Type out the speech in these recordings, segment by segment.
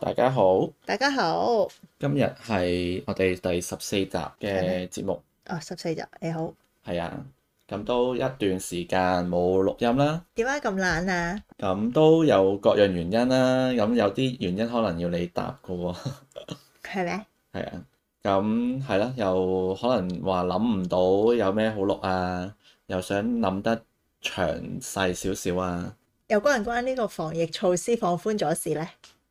大家好，大家好，今日係我哋第十四集嘅節目哦，十四集，你好，係啊，咁都一段時間冇錄音啦。點解咁懶啊？咁都有各樣原因啦。咁有啲原因可能要你答噶喎，哦，係 咩嗎？係啊，咁係啦，又可能話諗唔到有咩好錄啊，又想諗得詳細少少啊。又關唔關呢個防疫措施放寬咗事呢？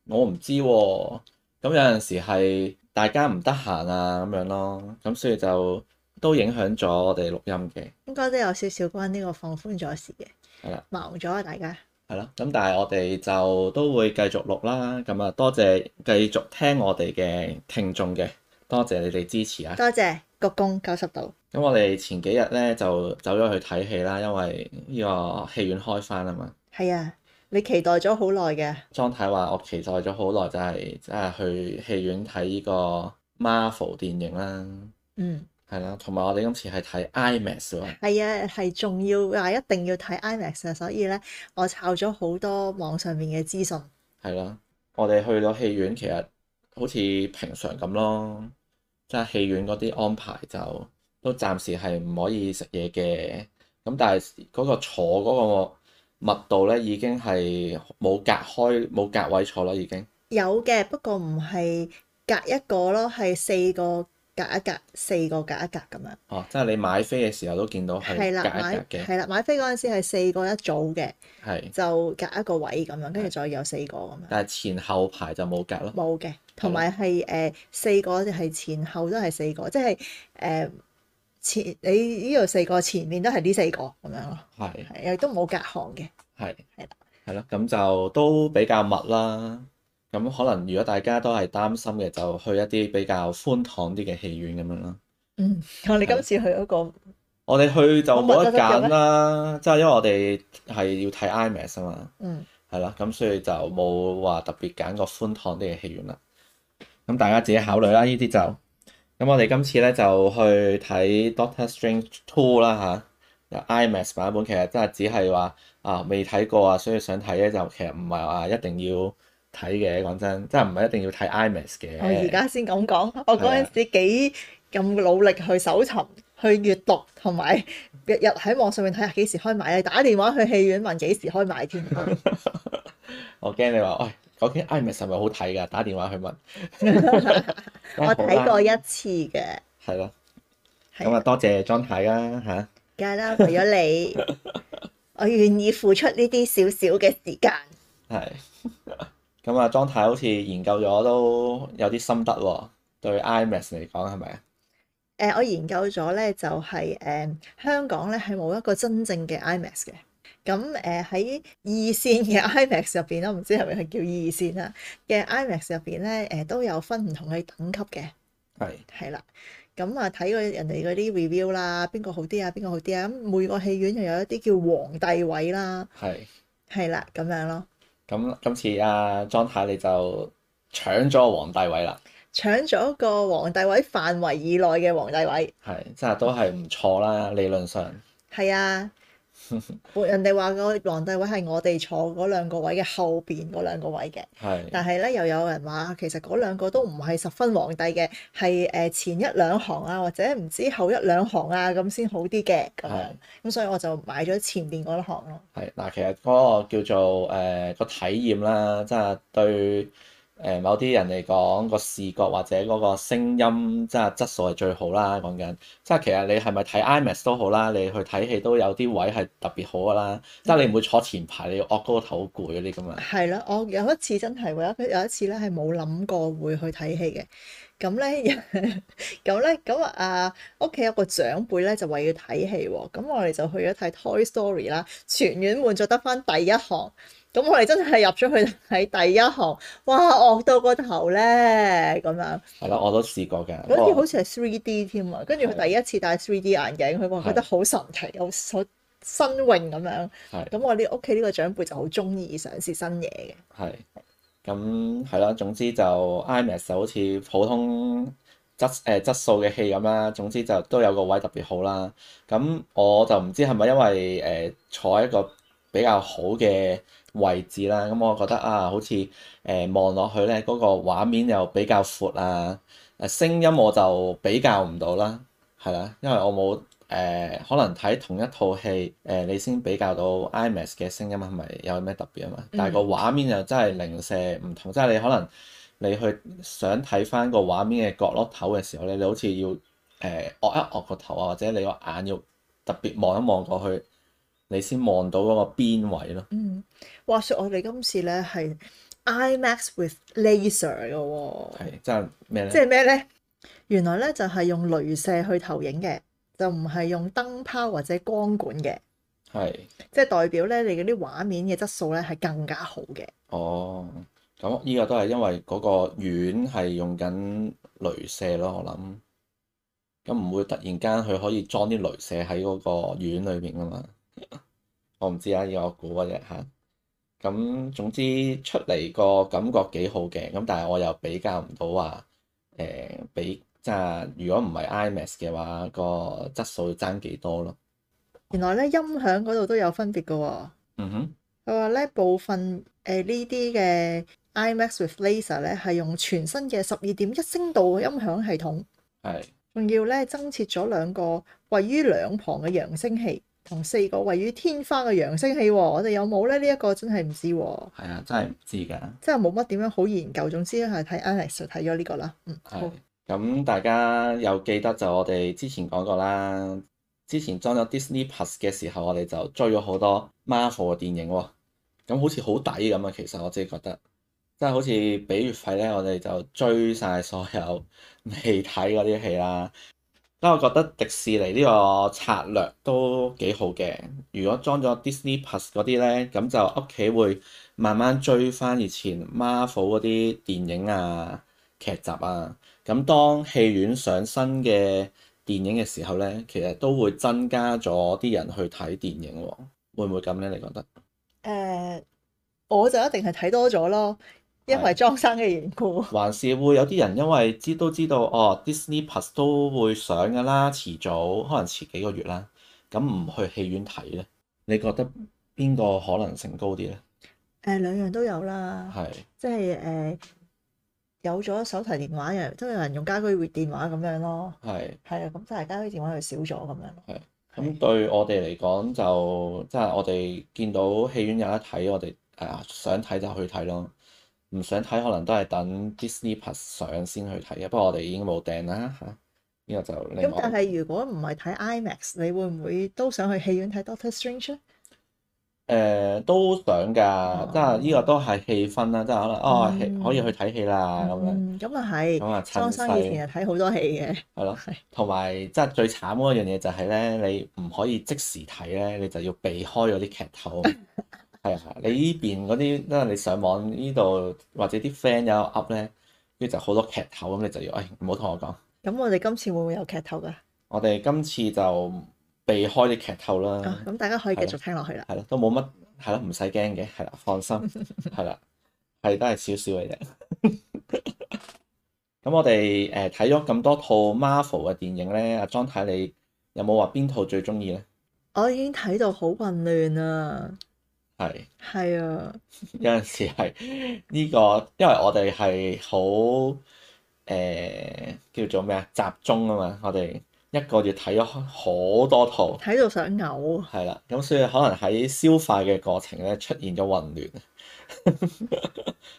我唔知喎、啊，咁有陣時係大家唔得閒啊咁樣咯，咁所以就都影響咗我哋錄音嘅。應該都有少少關呢個放寬咗事嘅，係啦的，忙咗啊大家。係啦，咁但係我哋就都會繼續錄啦，咁啊多謝繼續聽我哋嘅聽眾嘅，多謝你哋支持啊，多謝，鞠躬九十度。咁我哋前幾日呢，就走咗去睇戲啦，因為呢個戲院開返啊嘛。係啊。你期待咗好耐嘅，莊太話我期待咗好耐就係誒去戲院睇呢個 Marvel 電影啦，嗯，係啦，同埋我哋今次係睇 IMAX 喎，係啊，係仲要話一定要睇 IMAX 嘅，所以呢，我抄咗好多網上面嘅資訊，係啦，我哋去到戲院其實好似平常咁咯，即係戲院嗰啲安排就都暫時係唔可以食嘢嘅，咁但係嗰個坐嗰個。密度咧已經係冇隔開，冇隔位坐咯，已經有嘅，不過唔係隔一個咯，係四個隔一隔，四個隔一隔咁樣。哦、啊，即係你買飛嘅時候都見到係隔一隔嘅，係啦，買飛嗰陣時係四個一組嘅，係的就隔一個位咁樣，跟住再有四個咁樣。但係前後排就冇隔咯。冇嘅，同埋係誒四個就係前後都係四個，即係誒。呃前你呢度四個前面都係呢四個咁樣咯，係係都冇隔行嘅，係係啦，咁的就都比較密啦。咁可能如果大家都係擔心嘅，就去一啲比較寬敞啲嘅戲院咁樣咯。嗯，我哋今次去嗰個，的我哋去就冇得揀啦，即係因為我哋係要睇 IMAX 啊嘛。嗯，係啦，咁所以就冇話特別揀個寬敞啲嘅戲院啦。咁大家自己考慮啦，呢啲就。咁我哋今次咧就去睇 Doctor Strange Two 啦嚇，IMAX 版本，其實真係只係話啊未睇過啊，所以想睇咧，就其實唔係話一定要睇嘅，講真，真係唔係一定要睇 IMAX 嘅。我而家先咁講，我嗰陣時幾咁努力去搜尋、去閲讀同埋日日喺網上面睇下幾時開賣咧，打電話去戲院問幾時開賣添。 我驚你話。哎究竟 imax 係咪好睇噶？打電話去問。 哎、我睇過一次嘅。係咯的。咁啊的，多謝莊太啦吓？梗係啦，為咗你， 我願意付出呢啲少少嘅時間。係。 咁啊，莊太好似研究咗都有啲心得喎，對 imax 嚟講係咪啊？誒、呃，我研究咗咧，就係、是、誒、呃、香港咧係冇一個真正嘅 imax 嘅。咁誒喺二線嘅 IMAX 入邊咧，唔知係咪係叫二線啦嘅 IMAX 入邊咧，誒都有分唔同嘅等級嘅，係係是啦。咁啊睇過人哋嗰啲 review 啦，邊個好啲啊，邊個好啲啊。咁每個戲院又有一啲叫皇帝位啦，係係啦咁樣咯。咁今次啊，莊太你就搶咗皇帝位啦，搶咗個皇帝位範圍以內嘅皇帝位，係即係都係唔錯啦。嗯、理論上係啊。人哋話個皇帝位係我哋坐嗰兩個位嘅後邊嗰兩個位嘅，係是，但係咧又有人話，其實嗰兩個都唔係十分皇帝嘅，係誒前一兩行啊，或者唔知後一兩行啊咁先好啲嘅，咁樣，咁是所以我就買咗前邊嗰一行咯。係嗱，其實嗰個叫做誒個、呃、體驗啦，即係對。誒某啲人嚟講，個視覺或者嗰個聲音，即係質素係最好啦。講緊，即係其實你係咪睇 IMAX 都好啦，你去睇戲都有啲位係特別好噶啦。即係的你唔會坐前排，你要惡高個頭攰嗰啲噶嘛。係咯，我有一次真係喎，有一次咧係冇諗過會去睇戲嘅。咁咧，咁 咧，咁啊，屋企有個長輩咧就話要睇戲喎。咁我哋就去咗睇 Toy Story 啦，全院換咗得翻第一行。咁我哋真係入咗去睇第一行，哇！愕到個頭咧咁樣。係啦，我都試過嘅。嗰啲好似係 3D 添啊，跟住佢第一次戴 3D 眼鏡，佢話的覺得好神奇，好好新穎咁樣。係的。咁我哋屋企呢個長輩就好中意嘗試新嘢嘅。係。咁係啦，總之就 IMAX 就好似普通質誒質素嘅戲咁啦。總之就都有個位特別好啦。咁我就唔知係咪因為誒、呃、坐喺一個比較好嘅位置啦，咁、嗯、我覺得啊，好似誒望落去咧，嗰、那個畫面又比較闊啊，誒聲音我就比較唔到啦，係啦，因為我冇誒、呃、可能睇同一套戲誒，你先比較到 IMAX 嘅聲音啊，係咪有咩特別啊嘛？但係個畫面又真係零舍唔同，嗯、即係你可能你去想睇翻個畫面嘅角落頭嘅時候咧，你好似要誒惡、呃、一惡個頭啊，或者你個眼要特別望一望過去。你先望到嗰個邊位咯。嗯，話説我哋今次咧係 IMAX with laser 嘅喎。係，即係咩咧？即係咩咧？原來咧就係用雷射去投影嘅，就唔係用燈泡或者光管嘅。係，即係代表咧你嗰啲畫面嘅質素咧係更加好嘅。哦，咁依個都係因為嗰個院係用緊雷射咯，我諗。咁唔會突然間佢可以裝啲雷射喺嗰個院裏邊啊嘛？我唔知啊，要我估嘅啫吓。咁、啊、總之出嚟個感覺幾好嘅，咁但係我又比較唔到話誒，比即係如果唔係 IMAX 嘅話，個質素爭幾多咯。原來咧音響嗰度都有分別噶，哦。嗯哼、mm，佢話咧部分誒呢、呃、啲嘅 IMAX with Laser 咧係用全新嘅十二點一聲道音響系統，係仲的要咧增設咗兩個位於兩旁嘅揚聲器。同四個位於天花嘅揚聲器，我哋有冇咧？呢、這、一個真係唔知。係啊，真係唔知嘅。真係冇乜點樣好研究，總之係睇 Alex 睇咗呢個啦。嗯，好。咁大家有記得就我哋之前講過啦，之前裝咗 Disney Plus 嘅時候，我哋就追咗好多 Marvel 嘅電影喎。咁好似好抵咁啊！其實我自己覺得，真係好似俾月費咧，我哋就追晒所有未睇嗰啲戲啦。咁我覺得迪士尼呢個策略都幾好嘅。如果裝咗 Disney Plus 嗰啲咧，咁就屋企會慢慢追翻以前 Marvel 嗰啲電影啊劇集啊。咁當戲院上新嘅電影嘅時候咧，其實都會增加咗啲人去睇電影喎、啊。會唔會咁咧？你覺得？誒，uh, 我就一定係睇多咗咯。因為裝生嘅緣故，還是會有啲人因為知都知道 哦，Disney Plus 都會上㗎啦。遲早可能遲幾個月啦。咁唔去戲院睇咧，你覺得邊個可能性高啲咧？誒、呃，兩樣都有啦，係是即係誒、呃、有咗手提電話，又都有人用家居撥電話咁樣咯。係係啊，咁就係家居電話又少咗咁樣咯。係咁對我哋嚟講，就即係我哋見到戲院有得睇，我哋誒想睇就去睇咯。唔想睇，可能都係等 Disney Plus 上先去睇啊。不過我哋已經冇訂啦嚇，呢個就令咁。但係如果唔係睇 IMAX，你會唔會都想去戲院睇 Doctor Strange？誒，都想㗎，即係呢個都係氣氛啦，即係可能哦，可以去睇戲啦咁樣。咁啊係，張生以前係睇好多戲嘅。係咯，係。同埋即係最慘嗰樣嘢就係咧，你唔可以即時睇咧，你就要避開嗰啲劇透。係啊，你呢邊嗰啲都係你上網呢度或者啲 friend 有 up 咧，跟住就好多劇透咁，你就要，誒、哎，唔好同我講。咁我哋今次會唔會有劇透噶？我哋今次就避開啲劇透啦。咁、啊、大家可以繼續聽落去啦。係咯、啊，都冇乜，係咯、啊，唔使驚嘅，係啦、啊，放心，係啦、啊，係、啊、都係少少嘅啫。咁 我哋誒睇咗咁多套 Marvel 嘅電影咧，阿莊太你有冇話邊套最中意咧？我已經睇到好混亂啊。.係，係啊，有陣時係呢個，因為我哋係好誒叫做咩啊，集中啊嘛，我哋一個月睇咗好多套，睇到想嘔啊，係啦，咁所以可能喺消化嘅過程咧出現咗混亂，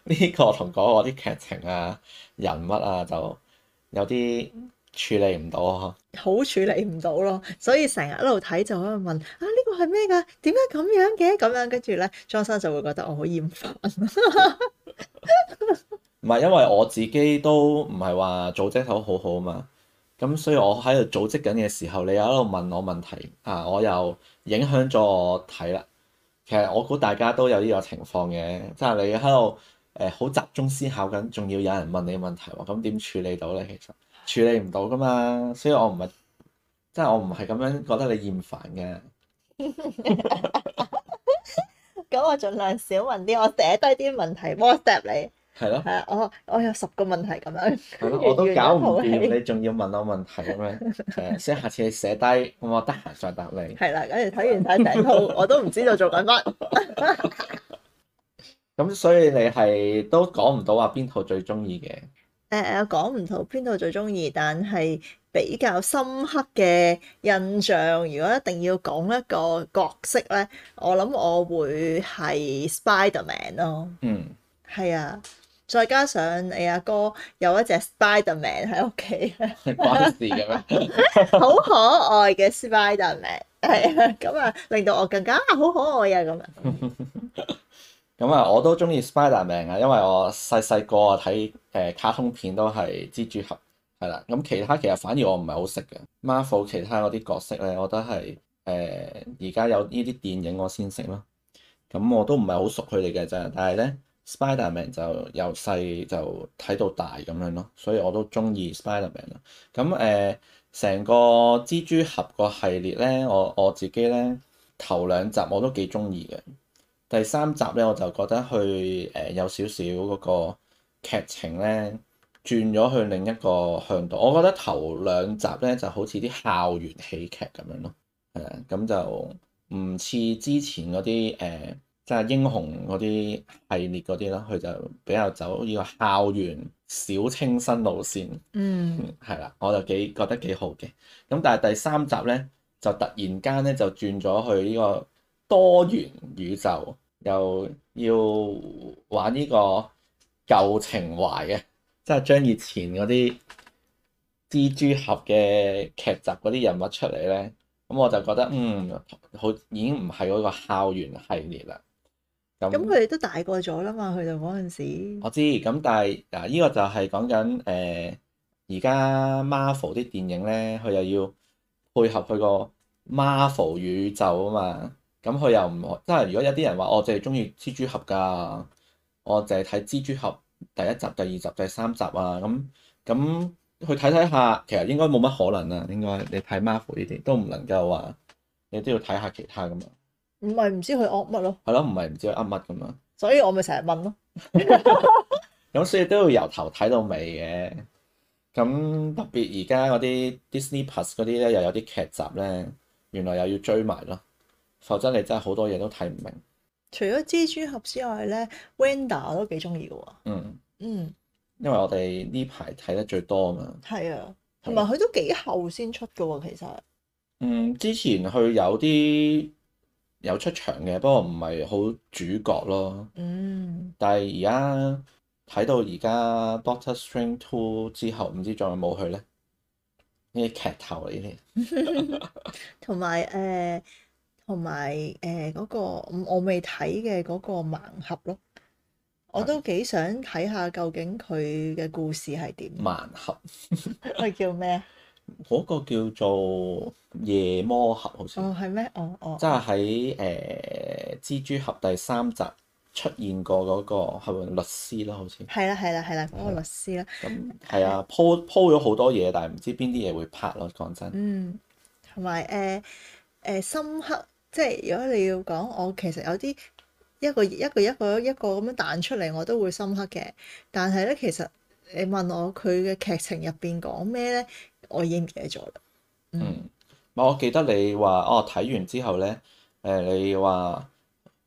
呢 個同嗰個啲劇情啊、人物啊就有啲。處理唔到嗬，好處理唔到咯，所以成日一路睇就喺度問啊，呢個係咩噶？點解咁樣嘅？咁樣跟住咧，莊生就會覺得我好厭煩。唔係，因為我自己都唔係話組織得好好啊嘛，咁所以我喺度組織緊嘅時候，你又喺度問我問題啊，我又影響咗我睇啦。其實我估大家都有呢個情況嘅，即係你喺度誒好集中思考緊，仲要有人問你問題，咁點處理到咧？其實。處理唔到噶嘛，所以我唔係，即係我唔係咁樣覺得你厭煩嘅。咁我儘量少問啲，我寫低啲問題 WhatsApp 你。係咯。係啊，我我有十個問題咁樣。係咯，我都搞唔掂，你仲要問我問題咁樣。係啊，所以下次你寫低，咁我得閒再答你。係啦，跟住睇完睇第一套，我都唔知道做緊乜。咁所以你係都講唔到話邊套最中意嘅。誒誒，講唔、呃、到邊度最中意，但係比較深刻嘅印象。如果一定要講一個角色咧，我諗我會係 Spiderman 咯。嗯，係啊，再加上你阿哥，哥有一隻 Spiderman 喺屋企，關事嘅咩？好 可愛嘅 Spiderman，係啊，咁 啊、嗯、令到我更加、啊、好可愛啊咁樣。 咁啊、嗯，我都中意 Spider Man 啊，因為我細細個啊睇誒卡通片都係蜘蛛俠，係啦。咁其他其實反而我唔係好識嘅，Marvel 其他嗰啲角色咧，我都係誒而家有呢啲電影我先識咯。咁、嗯、我都唔係好熟佢哋嘅咋，但係咧 Spider Man 就由細就睇到大咁樣咯，所以我都中意 Spider Man 啦。咁、嗯、誒，成、呃、個蜘蛛俠個系列咧，我我自己咧頭兩集我都幾中意嘅。第三集咧，我就覺得佢誒有少少嗰個劇情咧轉咗去另一個向度。我覺得頭兩集咧就好似啲校園喜劇咁樣咯，係啊，咁就唔似之前嗰啲誒即係英雄嗰啲系列嗰啲咯，佢就比較走呢個校園小清新路線。嗯，係啦，我就幾覺得幾好嘅。咁但係第三集咧就突然間咧就轉咗去呢個。多元宇宙又要玩呢個舊情懷嘅，即係將以前嗰啲蜘蛛俠嘅劇集嗰啲人物出嚟咧。咁我就覺得嗯，好已經唔係嗰個校園系列啦。咁佢哋都大過咗啦嘛，去到嗰陣時。我知咁，但係嗱，呢個就係講緊誒而家 Marvel 啲電影咧，佢又要配合佢個 Marvel 宇宙啊嘛。咁佢又唔即係，如果有啲人話，我淨係中意蜘蛛俠㗎，我淨係睇蜘蛛俠第一集、第二集、第三集啊。咁咁去睇睇下，其實應該冇乜可能啊。應該你睇 Marvel 呢啲都唔能夠話，你都要睇下其他噶嘛。唔係唔知佢噏乜咯。係咯，唔係唔知佢噏乜噶嘛。所以我咪成日問咯。咁 所以都要由頭睇到尾嘅。咁特別而家嗰啲 Disney Plus 嗰啲咧，又有啲劇集咧，原來又要追埋咯。否則你真係好多嘢都睇唔明。除咗蜘蛛俠之外咧，Wanda 我都幾中意嘅喎。嗯嗯，因為我哋呢排睇得最多啊嘛。係啊，同埋佢都幾後先出嘅喎，哦，其實。嗯，之前佢有啲有出場嘅，不過唔係好主角咯。嗯。但係而家睇到而家 Doctor Strange Two 之後，唔知仲有冇佢咧？啲劇頭嚟嘅。同埋誒。呃同埋誒嗰個我未睇嘅嗰個盲盒咯，哦、我都幾想睇下究竟佢嘅故事係點。盲盒，嗰 叫咩啊？嗰個叫做夜魔俠，好似哦係咩？哦哦，即係喺誒蜘蛛俠第三集出現過嗰、嗰個係咪律師咯？好似係啦係啦係啦，嗰個律師啦。咁係啊，鋪鋪咗好多嘢，但係唔知邊啲嘢會拍咯。講真，嗯，同埋誒誒深刻。即係如果你要講，我其實有啲一個一個一個一個咁樣彈出嚟，我都會深刻嘅。但係咧，其實你問我佢嘅劇情入邊講咩咧，我已經唔記得咗啦。嗯，嗯，我記得你話哦，睇完之後咧，誒，你話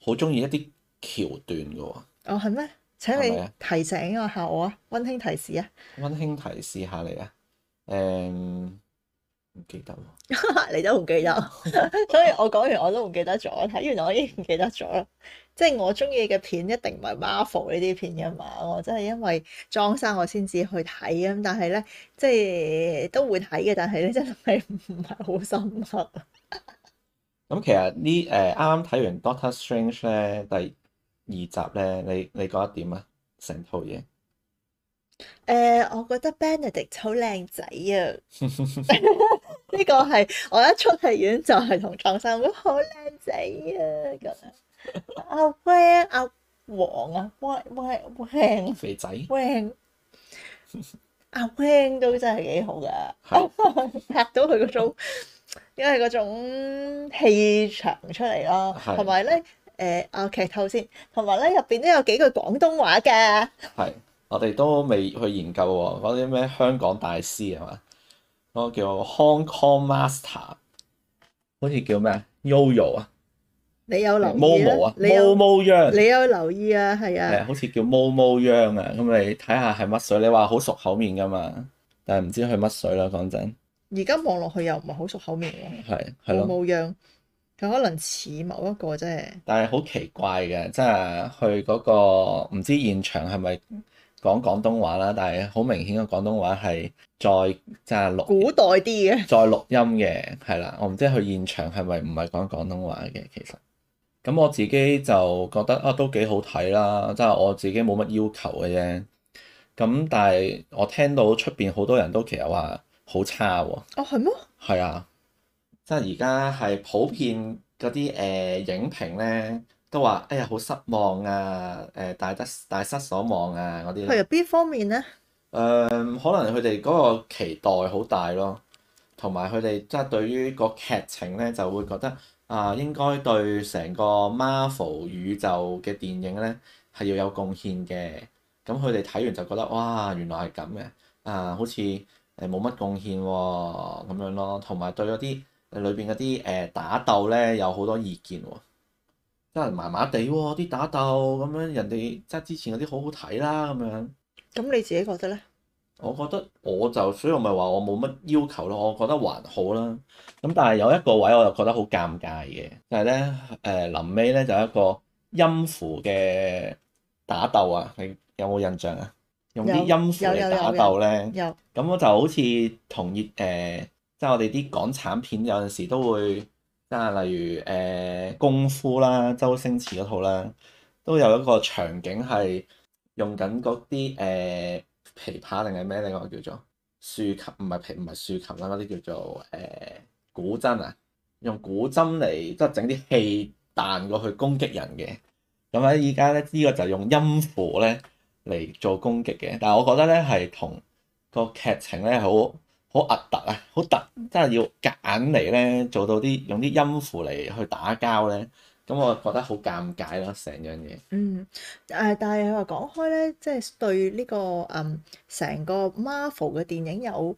好中意一啲橋段嘅喎。哦，係咩、哦？請你提醒我下我啊，溫馨提示啊，溫馨提示下你啊，誒、嗯。唔記得咯， 你都唔記得， 所以我講完我都唔記得咗。睇完我已經唔記得咗啦，即係我中意嘅片一定唔係 Marvel 呢啲片噶嘛。我真係因為莊生我先至去睇，咁，但係咧即係都會睇嘅，但係咧真係唔係好深刻。咁 其實、呃、剛剛呢誒啱啱睇完 Doctor Strange 咧，第二集咧，你你覺得點啊？成套嘢？誒、 呃，我覺得 Benedict 好靚仔啊！ 呢個係我一出戲院就係、是、同創生，好靚仔啊！咁阿威啊，阿王啊，威威威，肥仔，威阿威都真係幾好噶，是 拍到佢嗰種，因為嗰種氣場出嚟咯，同埋咧誒，我劇透先，同埋咧入邊都有幾句廣東話嘅。係，我哋都未去研究喎，講啲咩香港大師係嘛？嗰個叫 Hong Kong Master，好似叫咩？Yoyo 啊？Yo yo，你有留意 Momo 啊？毛毛啊？毛毛秧？你有留意啊？係啊。係啊，好似叫毛毛秧啊。咁你睇下係乜水？你話好熟口面㗎嘛，但係唔知佢乜水啦。講真。而家望落去又唔係好熟口面喎。係係 咯。毛毛秧，佢可能似某一個啫。但係好奇怪嘅，即係去嗰、嗰個唔知現場係咪？講廣東話啦，但係好明顯嘅廣東話係再即係錄古代啲嘅，再錄音嘅係啦。我唔知佢現場係咪唔係講廣東話嘅，其實咁我自己就覺得啊都幾好睇啦，即係我自己冇乜要求嘅啫。咁但係我聽到出邊好多人都其實話好差喎。哦係咩？係啊，的即係而家係普遍嗰啲誒影評咧。都話：哎呀，好失望啊！誒、呃，大得大失所望啊！嗰啲係啊，邊方面呢？誒、呃，可能佢哋嗰個期待好大咯，同埋佢哋即係對於個劇情咧就會覺得啊、呃，應該對成個 Marvel 宇宙嘅電影咧係要有貢獻嘅。咁佢哋睇完就覺得哇，原來係咁嘅啊，好似誒冇乜貢獻喎咁樣咯。同埋對嗰啲誒裏邊嗰啲誒打鬥咧有好多意見喎。即係麻麻地喎，啲打鬥咁樣，人哋即係之前嗰啲好好睇啦咁樣。咁你自己覺得呢？我覺得我就，所以我咪話我冇乜要求咯。我覺得還好啦。咁但係有一個位我就覺得好尷尬嘅，就係呢，誒臨尾呢，就一個音符嘅打鬥啊！你有冇印象啊？用啲音符嚟打鬥咧？有。咁我就好似同熱誒，即係我哋啲港產片有陣時都會。啊，例如誒、呃、功夫啦，周星馳嗰套啦，都有一個場景係用緊嗰啲誒琵琶定係咩？另外叫做豎琴，唔係琵唔係豎琴啦，嗰啲叫做誒、呃、古箏啊，用古箏嚟即係整啲氣彈過去攻擊人嘅。咁喺依家咧，呢、呢個就用音符咧嚟做攻擊嘅。但係我覺得咧，係同個劇情咧好。好核突啊！好突，真係要夾硬嚟咧，做到啲用啲音符嚟去打交咧，咁我覺得好尷尬咯，成樣嘢。嗯，誒，但係話講開咧，即係對呢個誒成個 Marvel 嘅電影有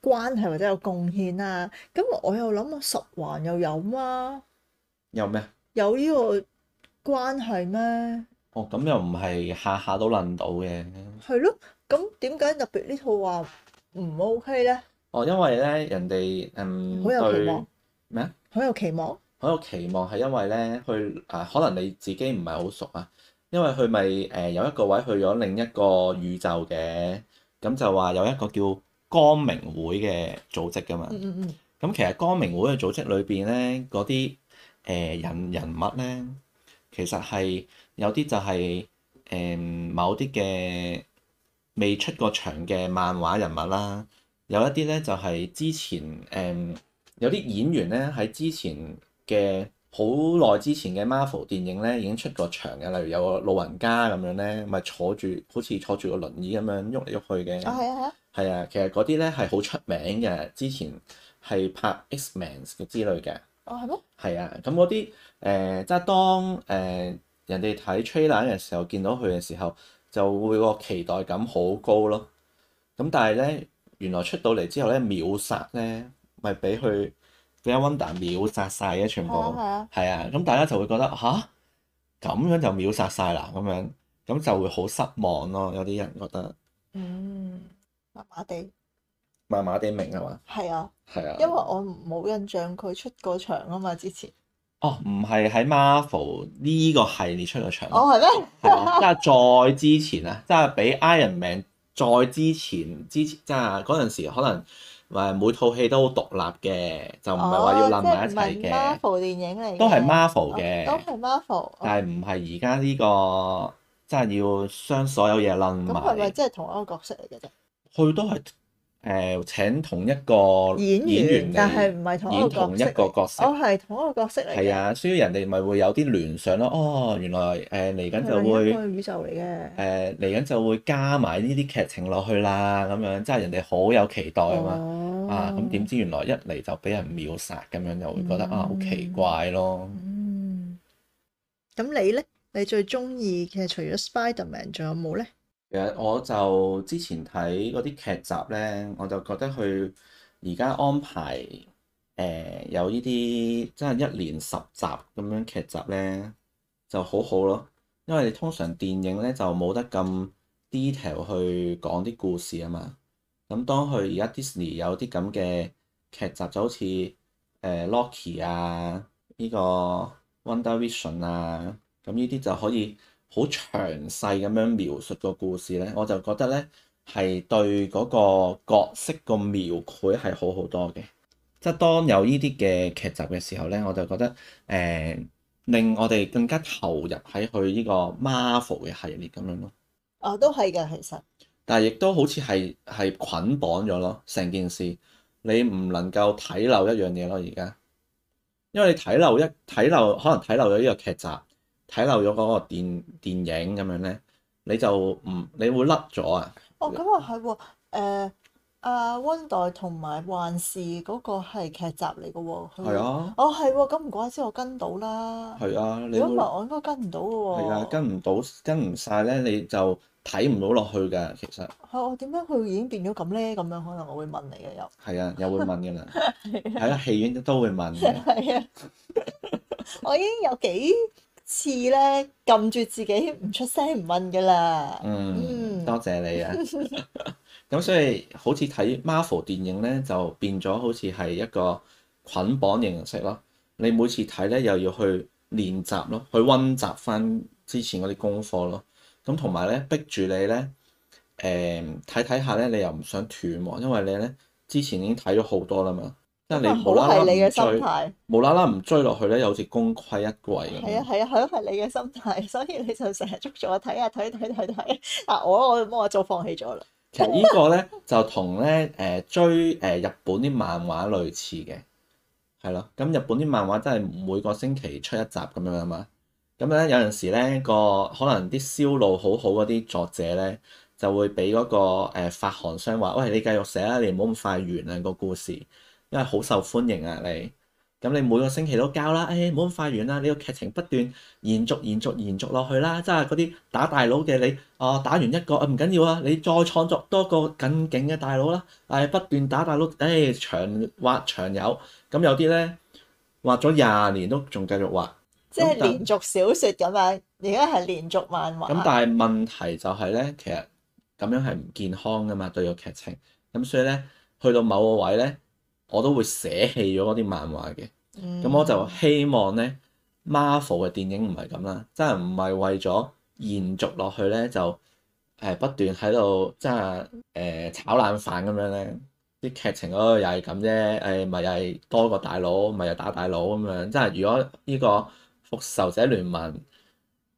關係或者有貢獻啊，咁我又諗啊，十環又有嗎？有咩？有呢個關係咩？哦，咁又唔係下下都輪到嘅。係咯，咁點解特別呢套話？唔 OK 咧？哦，因為咧，人哋嗯好有期望，咩啊？好有期望。好有期望係因為咧，佢誒、啊、可能你自己唔係好熟啊，因為佢咪誒有一個位去咗另一個宇宙嘅，咁就話有一個叫光明會嘅組織㗎嘛。嗯嗯咁、嗯、其實光明會嘅組織裏邊咧，嗰啲誒人人物咧，其實係有啲就係、是、誒、呃、某啲嘅。未出過場嘅漫畫人物啦，有一啲咧就係之前誒、嗯、有啲演員咧喺之前嘅好耐之前嘅 Marvel 電影咧已經出過場嘅，例如有個老人家咁樣咧，咪、就是、坐住好似坐住個輪椅咁樣喐嚟喐去嘅。哦、啊，係啊，係啊。係啊，其實嗰啲咧係好出名嘅，之前係拍 X-Men 嘅之類嘅。哦，係咩？係啊，咁嗰啲誒，即係當誒、呃、人哋睇 Trailer 嘅時候見到佢嘅時候。就會個期待感好高咯，咁但係咧，原來出到嚟之後咧，秒殺咧，咪俾佢俾阿 Wanda 秒殺晒嘅全部，係 Yeah, yeah. 啊，咁、嗯、大家就會覺得吓，咁、啊、樣就秒殺晒啦，咁樣咁就會好失望咯，有啲人覺得，嗯，麻麻地，麻麻地明係嘛？係啊，係啊，因為我冇印象佢出過場啊嘛，之前。哦，唔係喺 Marvel 呢個系列出個場，哦，係咩？即係 再之前啊，即係比 Iron Man 再之前之前，即係嗰陣時可能話每套戲都好獨立嘅，就唔係話要冧埋一齊嘅。哦、Marvel 電影嚟、哦，都係 Marvel 嘅、哦，都係 Marvel，但係唔係而家呢個，即係要將所有嘢冧埋。咁係咪即係同一個角色嚟嘅啫？佢都係。誒、呃、請同一個演員，但係唔係同一個角色。哦，係同一個角色嚟。係、哦、啊，所以人哋咪會有啲聯想咯。哦，原來誒嚟緊就會，係一個宇宙嚟嘅。誒嚟緊就會加埋呢啲劇情落去啦，咁樣即係人哋好有期待啊嘛。哦、啊，咁點知原來一嚟就俾人秒殺，咁、嗯、樣就會覺得啊好奇怪咯。嗯。咁、嗯、你咧？你最中意嘅除咗 Spiderman 仲有冇咧？我就之前睇嗰啲劇集呢，我就覺得佢而家安排誒、呃、有呢啲，真係一年十集咁樣劇集呢就好好咯。因為你通常電影呢就冇得咁 detail 去講啲故事啊嘛。咁、嗯、當佢而家 Disney 有啲咁嘅劇集，就好似誒 Loki 啊，呢、這個 WandaVision 啊，咁呢啲就可以。好詳細咁樣描述個故事咧，我就覺得咧係對嗰個角色個描繪係好好多嘅。即係當有呢啲嘅劇集嘅時候咧，我就覺得誒、欸、令我哋更加投入喺去呢個 Marvel 嘅系列咁樣咯。哦，都係嘅，其實。但係亦都好似係係捆綁咗咯，成件事你唔能夠睇漏一樣嘢咯。而家因為你睇漏一睇漏，可能睇漏咗呢個劇集。睇漏咗嗰個電影咁樣咧，你就唔你會甩咗、喔呃、啊？哦，咁又係喎，誒啊，溫黛同埋幻視嗰個係劇集嚟嘅喎。係啊。哦、喔，係喎、啊，咁唔怪之我跟到啦。係啊，你，如果唔係我應該跟唔到嘅喎。係啊，跟唔到跟唔晒咧，你就睇唔到落去嘅其實。係我點解佢已經變咗咁咧？咁樣可能我會問你嘅又。係啊，又會問㗎啦。係 啊，戲院都會問嘅。係啊，是啊 我已經有幾。似咧撳住自己唔出聲唔問㗎啦，嗯，嗯，多謝你啊。咁 所以好似睇 Marvel 電影咧，就變咗好似係一個捆綁形式咯。你每次睇咧，又要去練習咯，去溫習返之前嗰啲功課咯。咁同埋咧，逼住你咧，誒睇睇下咧，你又唔想斷喎，啊，因為你咧之前已經睇咗好多啦嘛。咁啊，你端端好係你嘅心態，無啦啦唔追落去咧，又好似功虧一簣。係啊係啊，佢都係你嘅心態，所以你就成日捉住我睇下睇下睇下睇下。嗱、啊啊啊啊，我我我就放棄咗啦。其 實呢個咧就同咧誒追誒日本啲漫畫類似嘅，係咯。咁日本啲漫畫真係每個星期出一集咁樣啊嘛。咁咧有陣時咧個可能啲銷路好好嗰啲作者咧，就會俾嗰個誒發行商話，喂，你繼續寫啦，你唔好咁快完啊，個故事。因為好受歡迎啊！你咁你每個星期都交啦，誒冇咁快完啦。你個劇情不斷延續、延續、延續落去啦，即係嗰啲打大佬嘅你啊、哦，打完一個啊唔緊要啊，你再創作多個更勁嘅大佬啦，誒不斷打大佬，誒、哎、長畫長有咁有啲咧畫咗廿年都仲繼續畫，即係連續小説咁樣，而家係連續漫畫。咁但係問題就係咧，其實咁樣係唔健康噶嘛，對個劇情咁，所以咧去到某個位咧。我都會捨棄咗嗰啲漫畫嘅，咁、嗯、我就希望呢 Marvel 嘅電影唔係咁啦，真係唔係為咗延續落去呢，就不斷喺度，真係誒、欸、炒冷飯咁樣呢。啲劇情嗰度又係咁啫，誒咪又係多個大佬，咪又打大佬咁樣，真係如果呢個復仇者聯盟，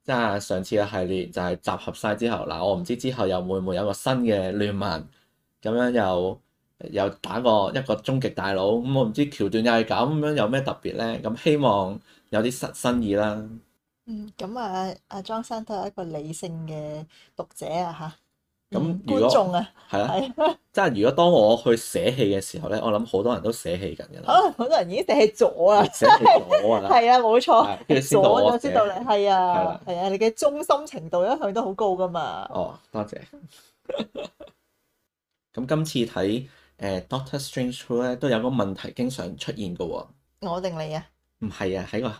即係上次嘅系列就係集合晒之後，嗱我唔知之後又會唔會有個新嘅聯盟咁樣又。又打個一個終極大佬咁，我唔知橋段又係咁樣，有咩特別咧？咁希望有啲新新意啦。嗯，咁啊，阿莊生都係一個理性嘅讀者啊，嚇。咁如果觀眾啊，係啦，即係如果當我去寫戲嘅時候咧，我諗好多人都寫戲緊㗎啦。可能好多人已經寫戲咗啊，寫啊，係啊，冇錯，寫咗先到嚟，係啊，係啊，你嘅忠心程度一向都好高噶嘛。哦，多謝。咁今次睇。誒、uh, Doctor Strange 咧都有個問題，經常出現嘅喎、哦。我定你啊？唔係啊，喺個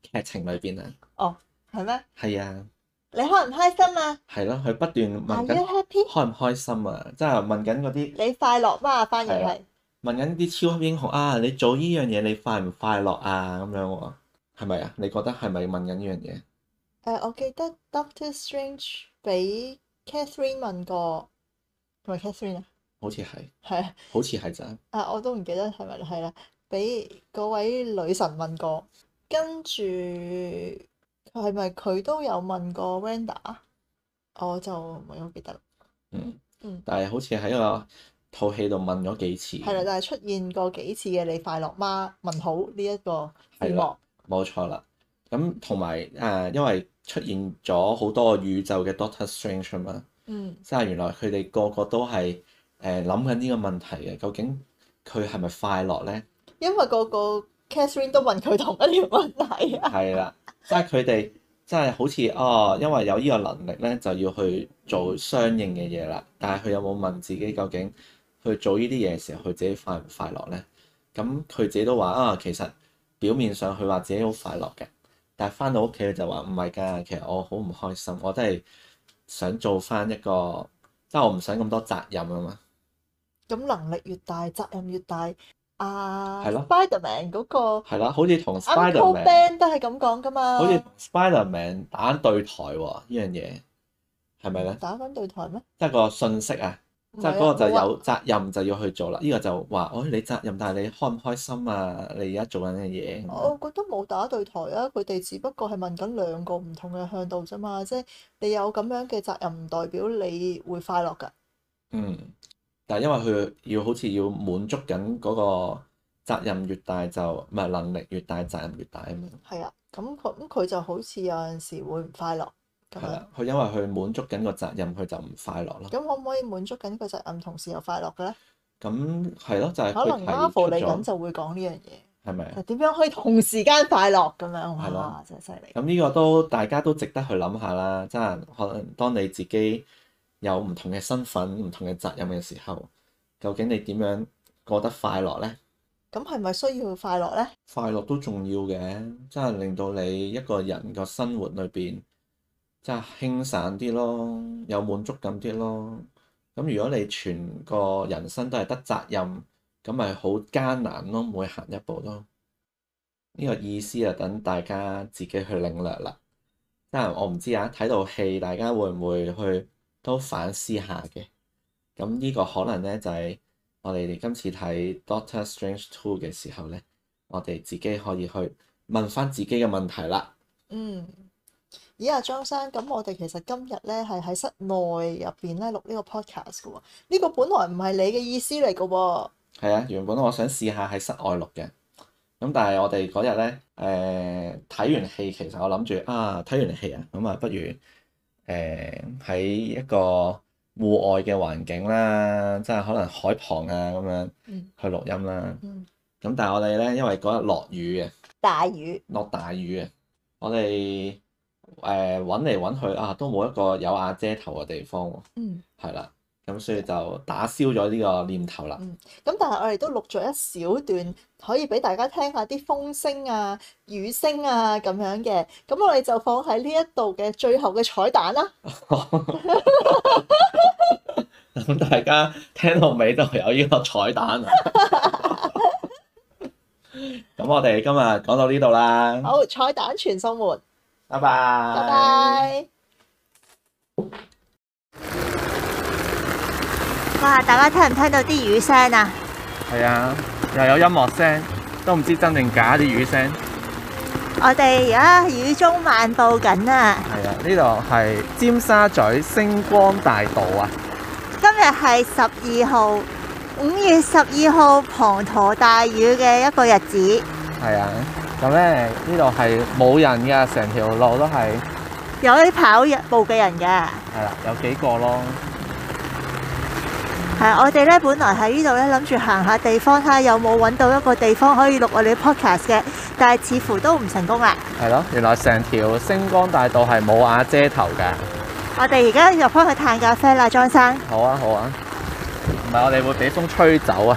劇情裏邊、oh, 啊。哦，係咩？係啊。你開唔開心啊？係咯、啊，佢不斷問緊 you 開唔開心啊，即係問緊嗰啲。你快樂嗎？反而係問緊啲超級英雄啊！你做呢樣嘢，你快唔快樂啊？咁樣喎、哦，係咪啊？你覺得係咪問緊呢樣嘢？誒，uh, 我記得 Doctor Strange 俾 Catherine 問過，同埋 Catherine 啊？好似係，係啊的，好似係真啊。啊，我都唔記得係咪啦，係啦，俾嗰位女神問過，跟住係咪佢都有問過 Wanda？我就唔係好記得啦。嗯嗯，嗯但係好似喺個套戲度問咗幾次。係啦，但係出現過幾次嘅你快樂嗎問好呢一個段落。冇錯啦，咁同埋誒，因為出現咗好多宇宙嘅 Doctor Strange 啊嘛。嗯。即係原來佢哋個個都係。誒諗緊呢個問題嘅，究竟佢係咪快樂咧？因為個個 Catherine 都問佢同一條問題啊。係 啦，即係佢哋即係好似哦，因為有呢個能力咧，就要去做相應嘅嘢啦。但係佢有冇問自己究竟去做呢啲嘢嘅時候，佢自己快唔快樂咧？咁佢自己都話啊、哦，其實表面上佢話自己好快樂嘅，但係翻到屋企佢就話唔係㗎，其實我好唔開心，我真係想做翻一個，即係我唔想咁多責任啊嘛。咁能力越大，責任越大。啊係，Spiderman 嗰個係啦，好似同 Spiderman 都係咁講噶嘛。好似 Spiderman 打對台喎、哦，依樣嘢係咪咧？係係打緊對台咩？即係個信息啊，啊即係嗰個就有責任就要去做啦。呢、啊、個就話，誒、哦、你責任大，但係，你開唔開心啊？你而家做緊嘅嘢，我覺得冇打對台啊。佢哋只不過係問緊兩個唔同嘅向度啫嘛。即係你有咁樣嘅責任，唔代表你會快樂㗎。嗯。但係因為佢要好似要滿足緊嗰個，責任越大，就唔係能力越大，責任越大啊嘛。係啊、嗯，咁咁佢就好似有陣時會唔快樂咁樣。係啦，佢因為佢滿足緊個責任，佢就唔快樂咯。咁可唔可以滿足緊個責任，同時又快樂嘅咧？咁係咯，就係可能 Marvel 嚟緊就會講呢樣嘢，係咪？點樣可以同時間快樂咁樣哇？真係犀利！咁呢個都大家都值得去諗下啦，真係可能當你自己。有唔同嘅身份、唔同嘅責任嘅時候，究竟你點樣過得快樂呢？咁係咪需要快樂呢？快樂都重要嘅，即係令到你一個人個生活裏邊即係輕散啲咯，有滿足感啲咯。咁如果你全個人生都係得責任，咁咪好艱難咯，每行一步都呢、呢個意思啊！等大家自己去領略啦。但係我唔知啊，睇到戲大家會唔會去？都反思下嘅，咁呢個可能咧就係、是、我哋哋今次睇 Doctor Strange Two 嘅時候咧，我哋自己可以去問翻自己嘅問題啦。嗯，咦，阿張生，咁我哋其實今日咧係喺室內入邊咧錄呢個 podcast 嘅喎，呢、呢個本來唔係你嘅意思嚟嘅喎。係啊，原本我想試下喺室外錄嘅，咁但係我哋嗰日咧，誒、呃、睇完戲，其實我諗住啊，睇完戲啊，咁啊不如，誒喺、呃、一個戶外嘅環境啦，即係可能海旁啊咁樣去錄音啦。咁、嗯嗯、但係我哋呢，因為嗰日落雨嘅，大雨，落大雨啊！我哋誒揾嚟揾去啊，都冇一個有瓦遮頭嘅地方喎。係、嗯、啦。咁所以就打消咗呢個念頭啦。嗯，咁但係我哋都錄咗一小段，可以俾大家聽下啲風聲啊、雨聲啊咁樣嘅。咁我哋就放喺呢一度嘅最後嘅彩蛋啦。咁大家聽到尾都有呢個彩蛋啊。咁我哋今日講到呢度啦。好，彩蛋全送完。拜拜。拜拜。哇！大家聽唔聽到啲雨聲啊？係啊，又有音樂聲，都唔知真定假啲雨聲。我哋而家雨中漫步緊啊！係啊，呢度係尖沙咀星光大道啊！今日係十二號，五月十二號滂沱大雨嘅一個日子。係啊，咁咧呢度係冇人噶，成條路都係有啲跑步嘅人噶。係啦、啊，有幾個咯。係，我哋咧本來喺呢度咧諗住行下地方，睇下有冇揾到一個地方可以錄我哋啲 podcast 嘅，但係似乎都唔成功啊。係咯，原來成條星光大道係冇瓦遮頭嘅。我哋而家入翻去嘆咖啡啦，莊生。好啊，好啊，唔係我哋會俾風吹走啊。